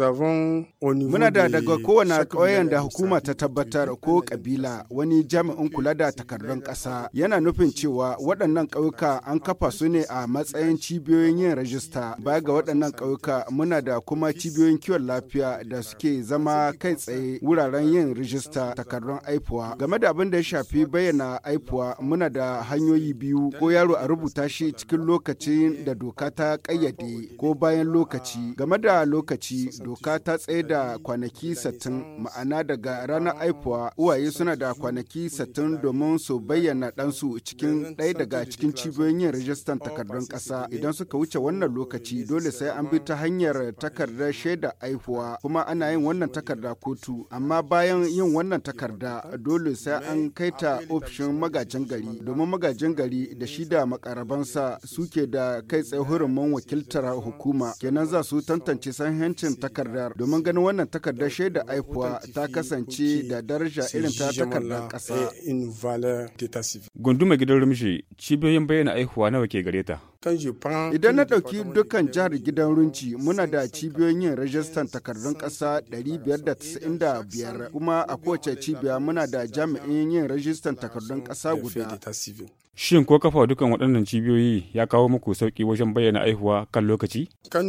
avons au Muna da daga kowane ƙauyen da hukuma ta tabbatar ko kabila wani jami'in kula da takardun ƙasa yana nufin cewa waɗannan ƙauyuka an kafa su ne a matsayin cibiyoyin yin rajista baya ga waɗannan ƙauyuka muna da kuma cibiyoyin kiwon lafiya da suke zama kai tsaye wuraren yin rajista takardun aifuwa game da abin da ya shafi bayyana aifuwa muna da hanyoyi biyu ko yaro a rubuta shi cikin lokacin da doka ta ƙayyade ko bayan lokaci game da lokaci doka ta tsaye da kwanaki satin ma'ana daga ranar aifuwa uwaye suna da kwanaki satin domin su bayyana ɗansu cikin ɗaya daga cikin cibiyoyin yin rajistan takardun ƙasa idan suka wuce wannan lokaci dole sai an bi ta hanyar takardar shaida aifuwa kuma ana yin wannan takarda kotu amma bayan yin wannan takarda dole sai an kai ta ofishin magajin gari domin magajin gari da shi da makarabansa suke da kai tsaye hurumin wakiltar hukuma kenan za su tantance sahihancin takardar takardar domin ganin wannan takardar shaida aikuwa ta kasance da daraja irin ta takardar ƙasa. gundumar gidan rumshi cibiyoyin bayyana aihuwa nawa ke gare ta? Idan na ɗauki dukkan jihar gidan runci muna da cibiyoyin yin rajistan takardun ƙasa 595 kuma a kowace cibiya muna da jami'in yin rajistan takardun kasa guda. Shin ko kafa dukkan waɗannan cibiyoyi ya kawo muku sauƙi wajen bayyana aihuwa kan lokaci? Idan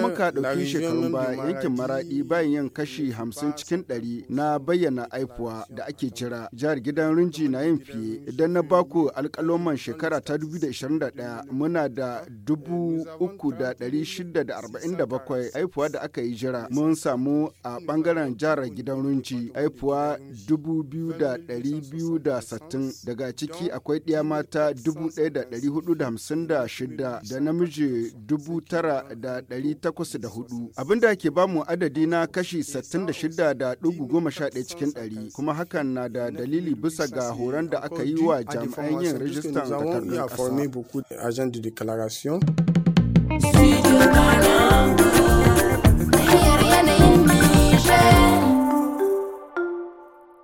muka ɗauki shekarun ba yankin maraɗi bayan yin kashi hamsin cikin ɗari na bayyana aihuwa da ake jira. Jihar gidan runji na yin fiye idan na baku alƙaloman shekara ta 2021 muna da 3,647 aifuwa da aka yi jira mun samu a bangaren jihar gidan runci aifuwa 2,260 daga ciki akwai ɗiya mata 1,456 da namiji 9,804 abinda ke bamu adadi na kashi 66.11 cikin 100 kuma hakan na da dalili bisa ga horon da aka yi wa jami'an yin rajistan takardu. Former beaucoup d'agents de déclaration.